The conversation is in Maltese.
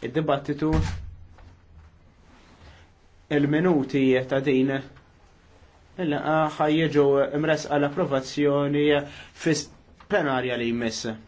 id-dibattitu il-minuti ta' din il-laqa ħajjeġu imres għal-approvazzjoni fis plenarja li jmiss.